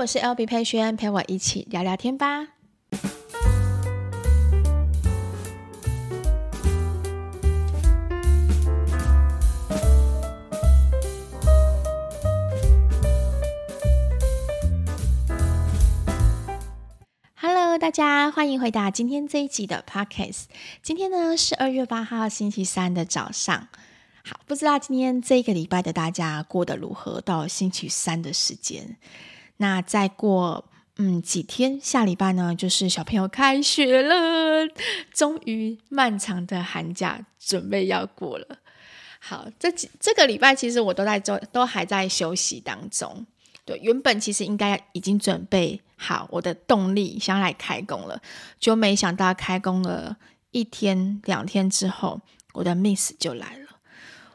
我是 LB 佩萱，陪我一起聊聊天吧。Hello，大家歡迎回到今天這一集的 Podcast。今天呢是二月八號星期三的早上。好，不知道今天這個禮拜的大家過得如何？到星期三的時間。那再過嗯幾天，下禮拜呢，就是小朋友開學了，終於漫長的寒假準備要過了。好，這幾這個禮拜其實我都在做，都還在休息當中。對，原本其實應該已經準備好我的動力，想要來開工了，就沒想到開工了一天兩天之後，我的 miss 就來了。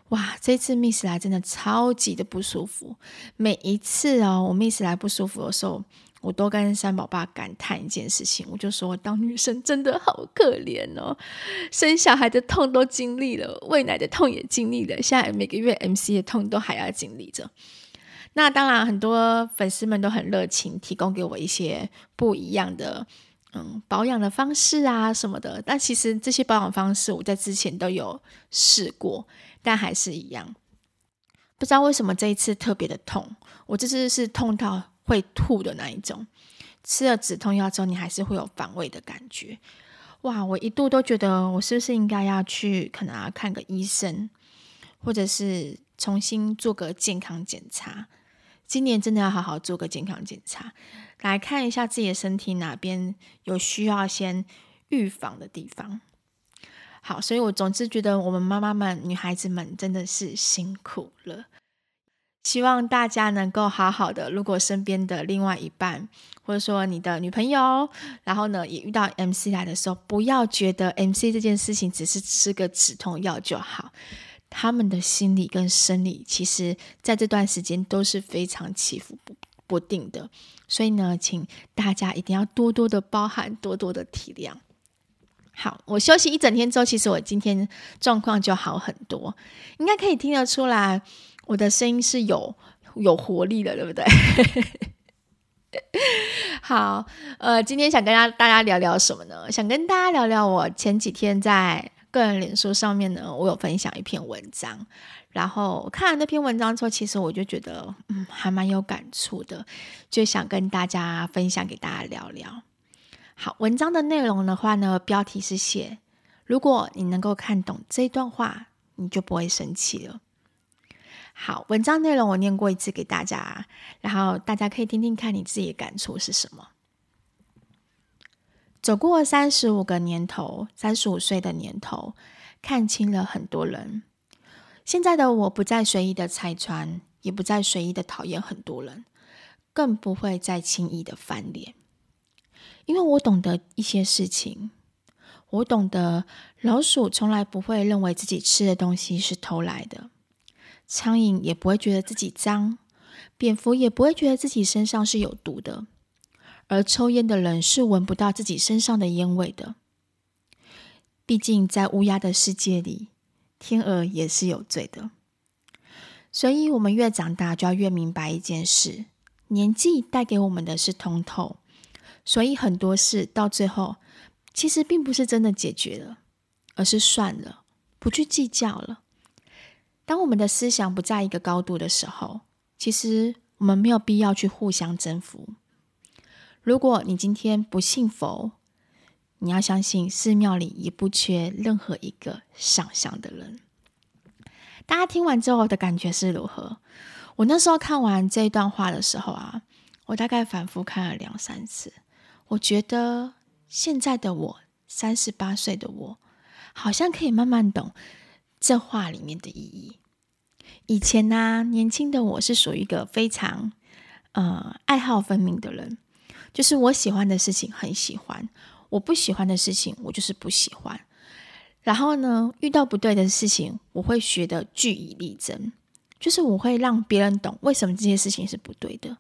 哇，這次 MC 來真的超級的不舒服。每一次哦，我 MC 來不舒服的時候，我都跟三寶爸感嘆一件事情，我就說我當女生真的好可憐哦，生小孩的痛都經歷了，餵奶的痛也經歷了，現在每個月 MC 的痛都還要經歷着。那當然，很多粉絲們都很熱情，提供給我一些不一樣的。嗯，保養的方式啊什麼的，但其實這些保養方式我在之前都有試過，但還是一樣，不知道為什麼這一次特別的痛。我這次是痛到會吐的那一種，吃了止痛藥之後，你還是會有反胃的感覺。哇，我一度都覺得我是不是應該要去可能、啊、看個醫生，或者是重新做個健康檢查。今年真的要好好做個健康檢查，來看一下自己的身體哪邊有需要先預防的地方。好，所以我總是覺得我們媽媽們、女孩子們真的是辛苦了，希望大家能夠好好的。如果身邊的另外一半，或者說你的女朋友，然後呢也遇到 MC 來的時候，不要覺得 MC 這件事情只是吃個止痛藥就好。他們的心理跟生理，其實在這段時間都是非常起伏不，不定的，所以呢，請大家一定要多多的包涵、多多的體諒。好，我休息一整天之後，其實我今天狀況就好很多，應該可以聽得出來，我的聲音是有有活力的，對不對？ 好，呃，今天想跟大大家聊聊什麼呢？想跟大家聊聊我前幾天在。個人臉書上面呢，我有分享一篇文章，然後看了那篇文章之後，其實我就覺得，嗯，還蠻有感觸的，就想跟大家分享給大家聊聊。好，文章的內容的話呢，標題是寫，如果你能夠看懂這段話，你就不會生氣了。好，文章內容我念過一次給大家，然後大家可以聽聽看你自己的感觸是什麼？走過三十五個年頭，三十五歲的年頭，看清了很多人。現在的我不再隨意的拆穿，也不再隨意的討厭很多人，更不會再輕易的翻臉，因為我懂得一些事情。我懂得老鼠從來不會認為自己吃的東西是偷來的，蒼蠅也不會覺得自己髒，蝙蝠也不會覺得自己身上是有毒的。而抽菸的人是聞不到自己身上的菸味的。畢竟，在烏鴉的世界裡，天鵝也是有罪的。所以，我們越長大，就要越明白一件事：年紀帶給我們的是通透。所以，很多事到最後，其實並不是真的解決了，而是算了，不去計較了。當我們的思想不在一個高度的時候，其實我們沒有必要去互相征服。如果你今天不信佛，你要相信寺廟裡也不缺任何一個上香的人。大家聽完之後的感覺是如何？我那時候看完這一段話的時候啊，我大概反覆看了兩三次。我覺得現在的我，三十八歲的我，好像可以慢慢懂這話裡面的意義。以前呢、啊，年輕的我是屬於一個非常呃愛好分明的人。就是我喜歡的事情，很喜歡；我不喜歡的事情，我就是不喜歡。然後呢，遇到不對的事情，我會學的據理力爭，就是我會讓別人懂為什麼這些事情是不對的。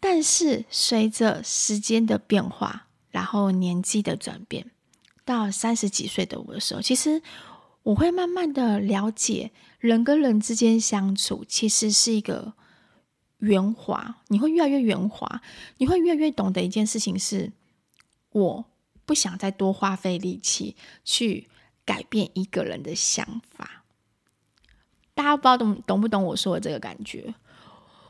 但是隨着時間的變化，然後年紀的轉變，到三十幾歲的我的時候，其實我會慢慢的了解人跟人之間相處，其實是一個。圓滑，你會越來越圓滑，你會越來越懂得一件事情是，我不想再多花費力氣去改變一個人的想法。大家不知道懂懂不懂我說的這個感覺？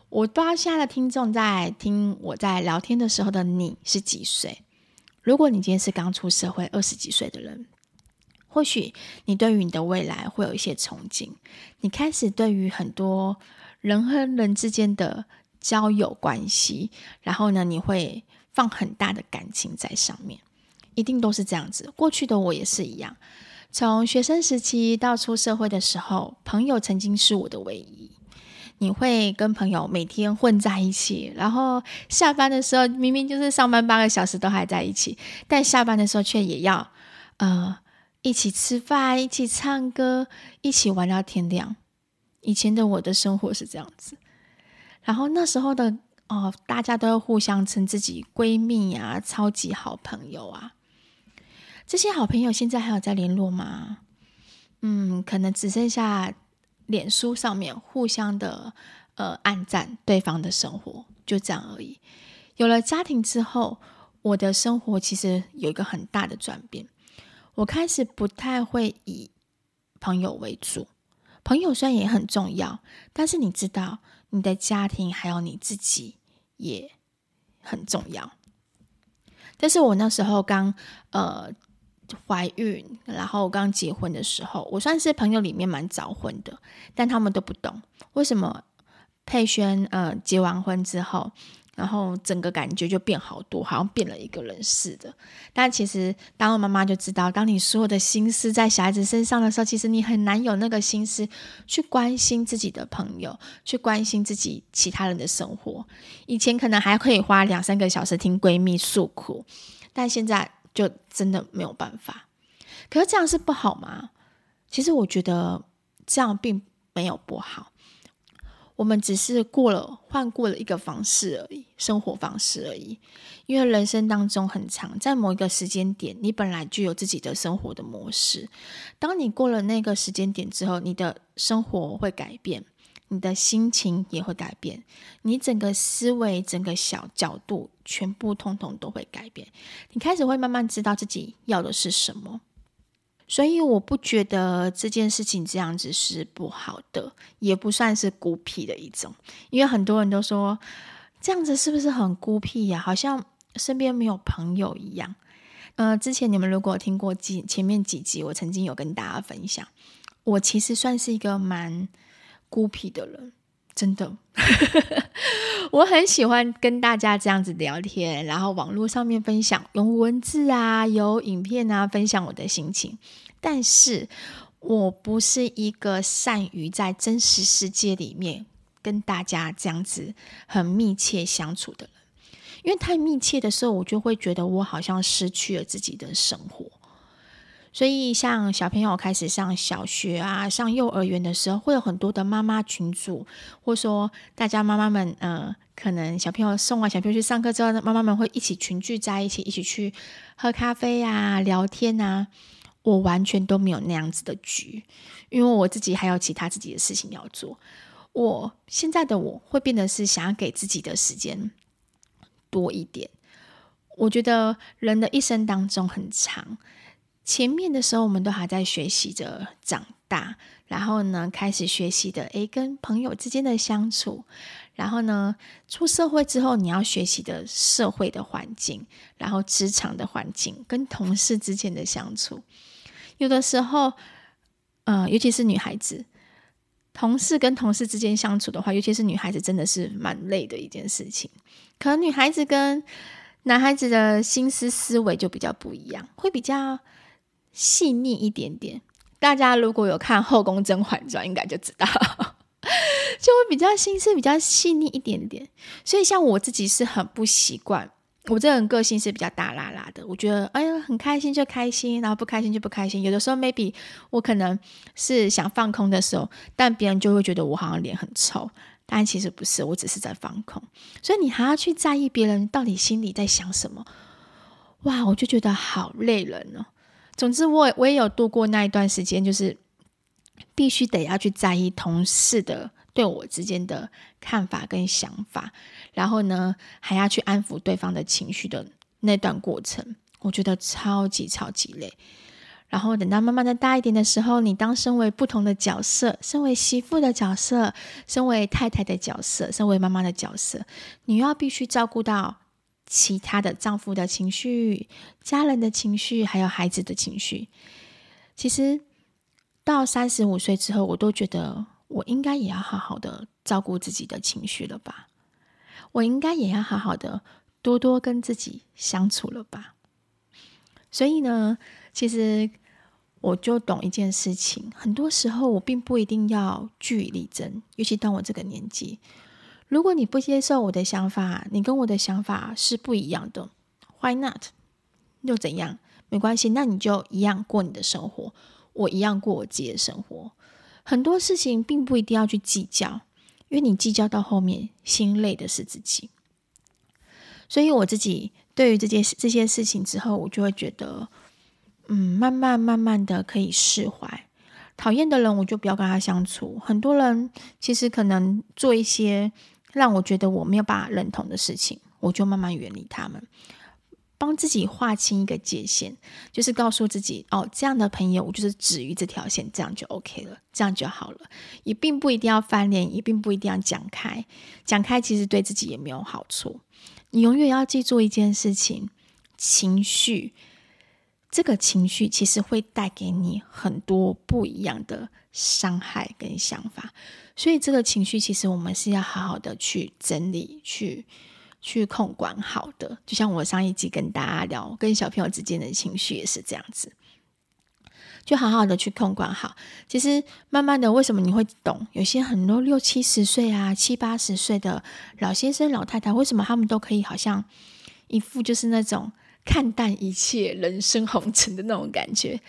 我不知道現在的聽眾在聽我在聊天的時候的你是幾歲？如果你今天是剛出社會二十幾歲的人，或許你對於你的未來會有一些憧憬，你開始對於很多。人和人之間的交友關係，然後呢，你會放很大的感情在上面，一定都是這樣子。過去的我也是一樣，從學生時期到出社會的時候，朋友曾經是我的唯一。你會跟朋友每天混在一起，然後下班的時候明明就是上班八個小時都還在一起，但下班的時候卻也要呃一起吃飯、一起唱歌、一起玩到天亮。以前的我的生活是這樣子，然後那時候的哦，大家都要互相稱自己閨蜜呀、啊、超級好朋友啊。這些好朋友現在還有在聯絡嗎？嗯，可能只剩下臉書上面互相的呃按讚對方的生活，就這樣而已。有了家庭之後，我的生活其實有一個很大的轉變，我開始不太會以朋友為主。朋友雖然也很重要，但是你知道，你的家庭還有你自己也很重要。但是我那時候剛呃懷孕，然後剛結婚的時候，我算是朋友裡面蠻早婚的，但他們都不懂為什麼佩萱呃結完婚之後。然後整個感覺就變好多，好像變了一個人似的。但其實，當我媽媽就知道，當你所有的心思在小孩子身上的時候，其實你很難有那個心思去關心自己的朋友，去關心自己其他人的生活。以前可能還可以花兩三個小時聽閨蜜訴苦，但現在就真的沒有辦法。可是這樣是不好嗎？其實我覺得這樣並沒有不好。我們只是過了，換過了一個方式而已，生活方式而已。因為人生當中很長，在某一個時間點，你本來就有自己的生活的模式。當你過了那個時間點之後，你的生活會改變，你的心情也會改變，你整個思維、整個小角度，全部通通都會改變。你開始會慢慢知道自己要的是什麼。所以我不覺得這件事情這樣子是不好的，也不算是孤僻的一種，因為很多人都說這樣子是不是很孤僻呀？好像身邊沒有朋友一樣。呃，之前你們如果聽過幾前面幾集，我曾經有跟大家分享，我其實算是一個蠻孤僻的人。真的， 我很喜歡跟大家這樣子聊天，然後網絡上面分享用文字啊，有影片啊，分享我的心情。但是我不是一個善於在真實世界裡面跟大家這樣子很密切相處的人，因為太密切的時候，我就會覺得我好像失去了自己的生活。所以，像小朋友開始上小學啊，上幼兒園的時候，會有很多的媽媽群組，或者說大家媽媽們，呃，可能小朋友送完小朋友去上課之後，媽媽們會一起群聚在一起，一起去喝咖啡啊，聊天啊。我完全都沒有那樣子的局，因為我自己還有其他自己的事情要做。我現在的我會變得是想要給自己的時間多一點。我覺得人的一生當中很長。前面的時候，我們都還在學習着長大，然後呢，開始學習的，哎，跟朋友之間的相處，然後呢，出社會之後，你要學習的社會的環境，然後職場的環境，跟同事之間的相處，有的時候，嗯、呃，尤其是女孩子，同事跟同事之間相處的話，尤其是女孩子，真的是蠻累的一件事情。可能女孩子跟男孩子的心思思維就比較不一樣，會比較。細膩一點點，大家如果有看《後宮甄嬛傳》，應該就知道， 就會比較心思比較細膩一點點。所以像我自己是很不習慣，我這人個性是比較大剌剌的。我覺得，哎呀，很開心就開心，然後不開心就不開心。有的時候 maybe 我可能是想放空的時候，但別人就會覺得我好像臉很臭，但其實不是，我只是在放空。所以你還要去在意別人到底心裡在想什麼？哇，我就覺得好累人哦。總之我，我我也有度過那一段時間，就是必須得要去在意同事的對我之間的看法跟想法，然後呢，還要去安撫對方的情緒的那段過程，我覺得超級超級累。然後等到慢慢的大一點的時候，你當身為不同的角色：身為媳婦的角色，身為太太的角色，身為媽媽的角色，你要必須照顧到。其他的丈夫的情緒、家人的情緒，還有孩子的情緒。其實到三十五歲之後，我都覺得我應該也要好好的照顧自己的情緒了吧？我應該也要好好的多多跟自己相處了吧？所以呢，其實我就懂一件事情，很多時候我並不一定要據理力爭，尤其到我這個年紀。如果你不接受我的想法，你跟我的想法是不一樣的。Why not？又怎樣？沒關係，那你就一樣過你的生活，我一樣過我自己的生活。很多事情並不一定要去計較，因為你計較到後面，心累的是自己。所以我自己對於這件事、這些事情之後，我就會覺得，嗯，慢慢慢慢的可以釋懷。討厭的人，我就不要跟他相處。很多人其實可能做一些。讓我覺得我沒有辦法認同的事情，我就慢慢遠離他們，幫自己劃清一個界限，就是告訴自己哦，這樣的朋友我就是止於這條線，這樣就 OK 了，這樣就好了。也並不一定要翻臉，也並不一定要講開，講開其實對自己也沒有好處。你永遠要記住一件事情，情緒，這個情緒其實會帶給你很多不一樣的。傷害跟想法，所以這個情緒其實我們是要好好的去整理、去去控管好的。就像我上一集跟大家聊，跟小朋友之間的情緒也是這樣子，就好好的去控管好。其實慢慢的，為什麼你會懂？有些很多六七十歲啊、七八十歲的老先生、老太太，為什麼他們都可以好像一副就是那種看淡一切、人生紅塵的那種感覺？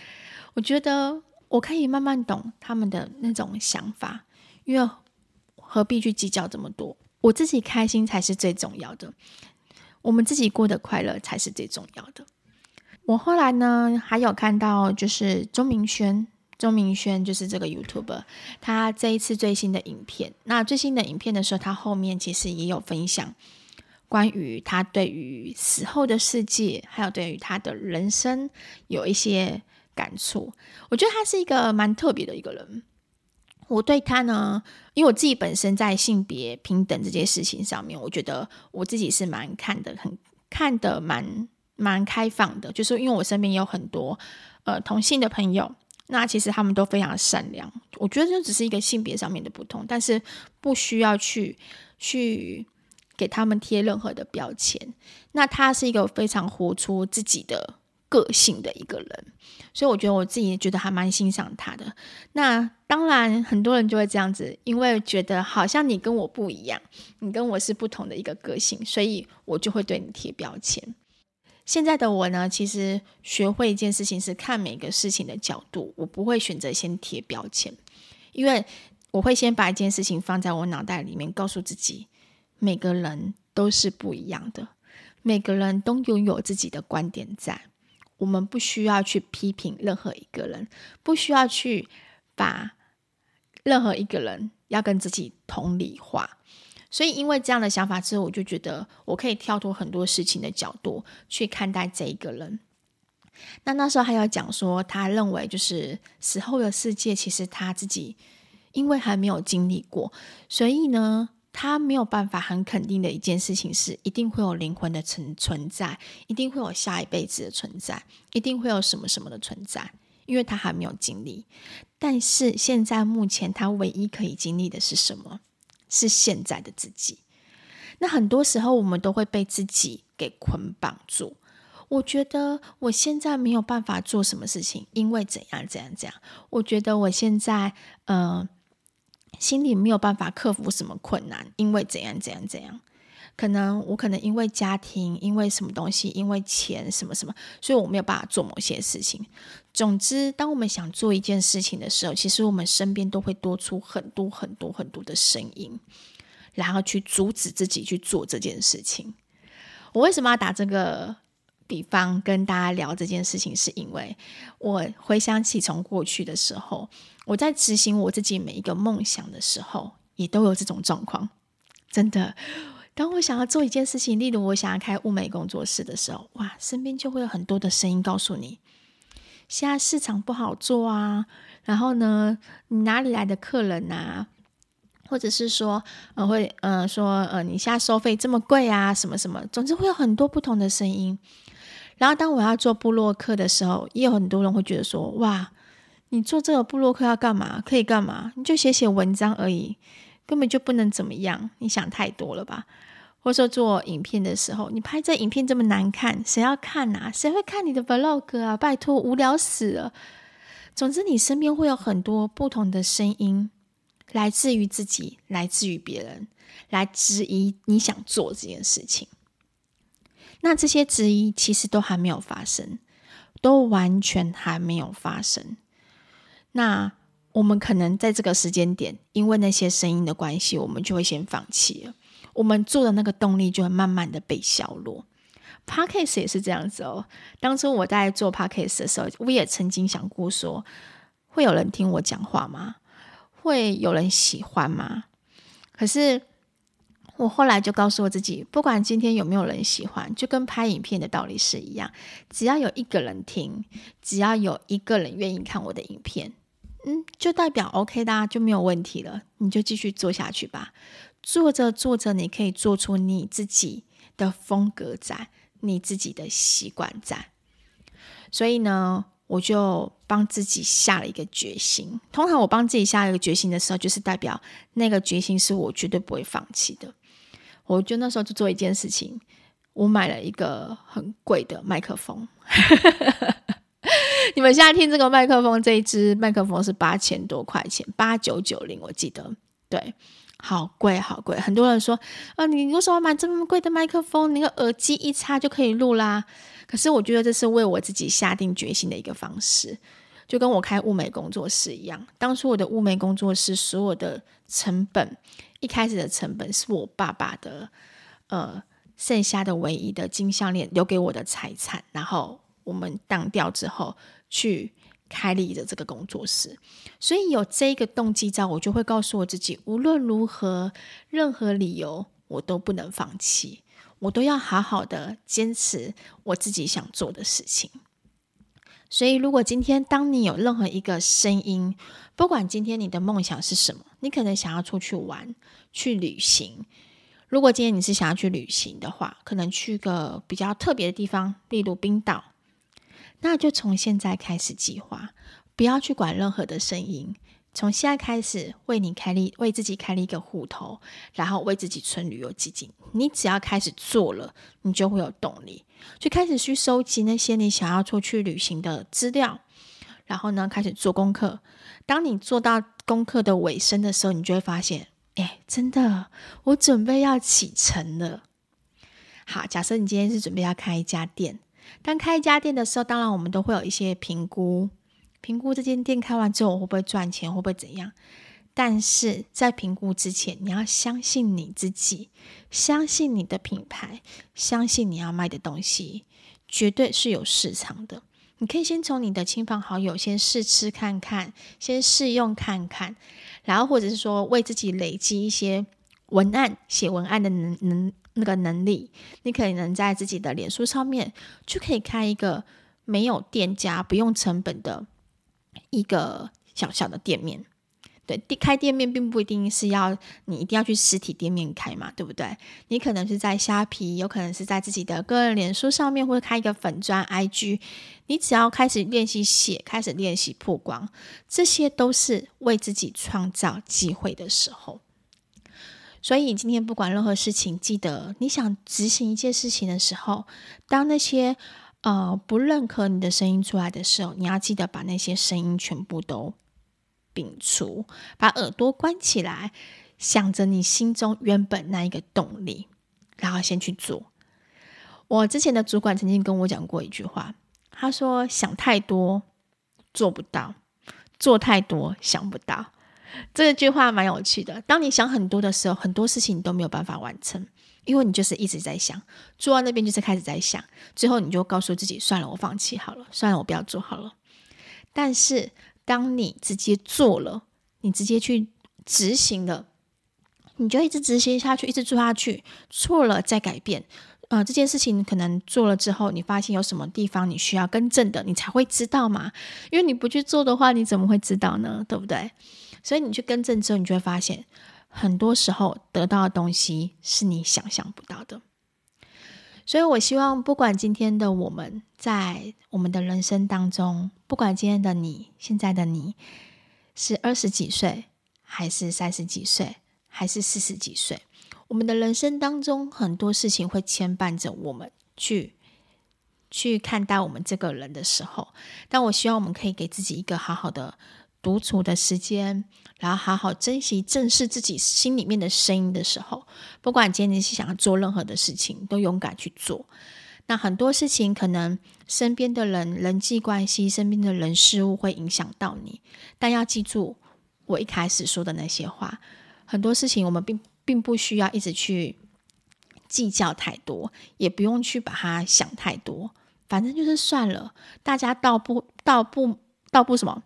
我覺得。我可以慢慢懂他們的那種想法，因為何必去計較這麼多？我自己開心才是最重要的，我們自己過得快樂才是最重要的。我後來呢，還有看到就是鍾明軒，鍾明軒就是這個 YouTuber，他這一次最新的影片，那最新的影片的時候，他後面其實也有分享關於他對於死後的世界，還有對於他的人生有一些。感觸，我覺得他是一個蠻特別的一個人。我對他呢，因為我自己本身在性別平等這件事情上面，我覺得我自己是蠻看的很看的蠻蠻開放的。就是因為我身邊有很多呃同性的朋友，那其實他們都非常善良。我覺得這只是一個性別上面的不同，但是不需要去去給他們貼任何的標籤。那他是一個非常活出自己的個性的一個人，所以我覺得我自己也覺得還蠻欣賞他的。那當然，很多人就會這樣子，因為覺得好像你跟我不一樣，你跟我是不同的一個個性，所以我就會對你貼標籤。現在的我呢，其實學會一件事情是看每個事情的角度，我不會選擇先貼標籤，因為我會先把一件事情放在我腦袋裡面，告訴自己，每個人都是不一樣的，每個人都擁有自己的觀點在。我們不需要去批評任何一個人，不需要去把任何一個人要跟自己同理化，所以因為這樣的想法之後，我就覺得我可以跳脫很多事情的角度去看待這一個人。那那時候還有講說，他認為就是死後的世界，其實他自己因為還沒有經歷過，所以呢。他沒有辦法很肯定的一件事情是，一定會有靈魂的存存在，一定會有下一輩子的存在，一定會有什麼什麼的存在，因為他還沒有經歷。但是現在目前他唯一可以經歷的是什麼？是現在的自己。那很多時候我們都會被自己給捆綁住。我覺得我現在沒有辦法做什麼事情，因為怎樣怎樣怎樣。我覺得我現在，嗯、呃。心裡沒有辦法克服什麼困難，因為怎樣怎樣怎樣，可能我可能因為家庭，因為什麼東西，因為錢什麼什麼，所以我沒有辦法做某些事情。總之，當我們想做一件事情的時候，其實我們身邊都會多出很多很多很多的聲音，然後去阻止自己去做這件事情。我為什麼要打這個？比方跟大家聊這件事情，是因為我回想起從過去的時候，我在執行我自己每一個夢想的時候，也都有這種狀況。真的，當我想要做一件事情，例如我想要開物美工作室的時候，哇，身邊就會有很多的聲音告訴你，現在市場不好做啊。然後呢，你哪裡來的客人啊？或者是說，呃，會，呃，說，呃，你現在收費這麼貴啊，什麼什麼，總之會有很多不同的聲音。然後，當我要做部落客的時候，也有很多人會覺得說：“哇，你做這個部落客要幹嘛？可以幹嘛？你就寫寫文章而已，根本就不能怎麼樣。”你想太多了吧？或者說做影片的時候，你拍這影片這麼難看，誰要看吶、啊？誰會看你的 Vlog 啊？拜託，無聊死了！總之，你身邊會有很多不同的聲音，來自於自己，來自於別人，來質疑你想做這件事情。那這些質疑其實都還沒有發生，都完全還沒有發生。那我們可能在這個時間點，因為那些聲音的關係，我們就會先放棄了。我們做的那個動力就會慢慢的被削弱。Podcast 也是這樣子哦。當初我在做 Podcast 的時候，我也曾經想過說，會有人聽我講話嗎？會有人喜歡嗎？可是，我後來就告訴我自己，不管今天有沒有人喜歡，就跟拍影片的道理是一樣，只要有一個人聽，只要有一個人願意看我的影片，嗯，就代表 OK 的啊，就沒有問題了。你就繼續做下去吧。做着做着，你可以做出你自己的風格在，你自己的習慣在。所以呢，我就幫自己下了一個決心。通常我幫自己下一個決心的時候，就是代表那個決心是我絕對不會放棄的。我就那時候就做一件事情，我買了一個很貴的麥克風。 你們現在聽這個麥克風，這一支麥克風是八千多塊錢，八九九零，我記得，對，好貴，好貴。很多人說，啊、呃，你為什麼買這麼貴的麥克風？那個耳機一插就可以錄啦。可是我覺得這是為我自己下定決心的一個方式，就跟我開物美工作室一樣。當初我的物美工作室所有的成本。一開始的成本是我爸爸的，呃，剩下的唯一的金項鏈留給我的財產，然後我們當掉之後去開立的這個工作室，所以有這個動機在，我就會告訴我自己，無論如何，任何理由，我都不能放棄，我都要好好的堅持我自己想做的事情。所以，如果今天當你有任何一個聲音，不管今天你的夢想是什麼，你可能想要出去玩、去旅行。如果今天你是想要去旅行的話，可能去個比較特別的地方，例如冰島。那就從現在開始計劃，不要去管任何的聲音。從現在開始，為你開立，為自己開立一個戶頭，然後為自己存旅遊基金。你只要開始做了，你就會有動力，就開始去收集那些你想要出去旅行的資料，然後呢，開始做功課。當你做到功課的尾聲的時候，你就會發現，哎，真的，我準備要啟程了。好，假設你今天是準備要開一家店，當開一家店的時候，當然我們都會有一些評估。評估這間店開完之後我會不會賺錢，會不會怎樣？但是在評估之前，你要相信你自己，相信你的品牌，相信你要賣的東西絕對是有市場的。你可以先從你的親朋好友先試吃看看，先試用看看，然後或者是說為自己累積一些文案、寫文案的能能那個能力。你可以能在自己的臉書上面就可以開一個沒有店家、不用成本的。一個小小的店面，對，開店面並不一定是要你一定要去實體店面開嘛，對不對？你可能是在蝦皮，有可能是在自己的個人臉書上面，或者開一個粉專 IG，你只要開始練習寫，開始練習曝光，這些都是為自己創造機會的時候。所以今天不管任何事情，記得你想執行一件事情的時候，當那些。呃，不認可你的聲音出來的時候，你要記得把那些聲音全部都摒除，把耳朵關起來，想着你心中原本那一個動力，然後先去做。我之前的主管曾經跟我講過一句話，他說：“想太多做不到，做太多想不到。”這個、句話蠻有趣的。當你想很多的時候，很多事情你都沒有辦法完成。因為你就是一直在想，做完，那邊就是開始在想，最後你就告訴自己算了，我放棄好了，算了，我不要做好了。但是當你直接做了，你直接去執行了，你就一直執行下去，一直做下去，錯了再改變。呃，這件事情可能做了之後，你發現有什麼地方你需要更正的，你才會知道嘛。因為你不去做的話，你怎麼會知道呢？對不對？所以你去更正之後，你就會發現。很多時候得到的東西是你想象不到的，所以我希望，不管今天的我們在我們的人生當中，不管今天的你現在的你，是二十幾歲，還是三十幾歲，還是四十幾歲，我們的人生當中很多事情會牽絆着我們去去看待我們這個人的時候，但我希望我們可以給自己一個好好的獨處的時間。然後好好珍惜，正視自己心裡面的聲音的時候，不管今天你是想要做任何的事情，都勇敢去做。那很多事情可能身邊的人、人際關係、身邊的人事物會影響到你，但要記住我一開始說的那些話。很多事情我們並並不需要一直去計較太多，也不用去把它想太多，反正就是算了。大家倒不倒不倒不什麼？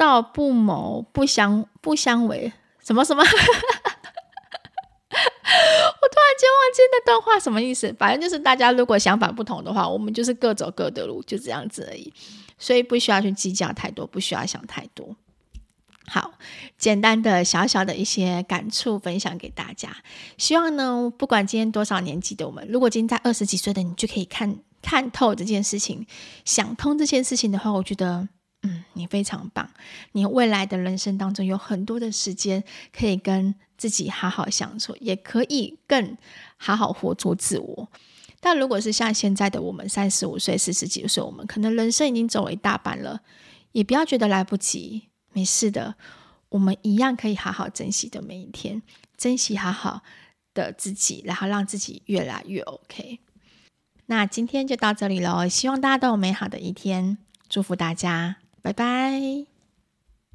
道不謀不相不相為，什麼什麼？ 我突然間忘記那段話什麼意思。反正就是大家如果想法不同的話，我們就是各走各的路，就這樣子而已。所以不需要去計較太多，不需要想太多。好簡單的小小的一些感觸分享給大家。希望呢，不管今天多少年紀的我們，如果今天在二十幾歲的你就可以看看透這件事情，想通這件事情的話，我覺得。嗯，你非常棒。你未來的人生當中有很多的時間可以跟自己好好相處，也可以更好好活出自我。但如果是像現在的我們，三十五歲、四十幾歲，我們可能人生已經走了一大半了，也不要覺得來不及，沒事的，我們一樣可以好好珍惜的每一天，珍惜好好的自己，然後讓自己越來越 OK。那今天就到這裡嘍，希望大家都有美好的一天，祝福大家。拜拜。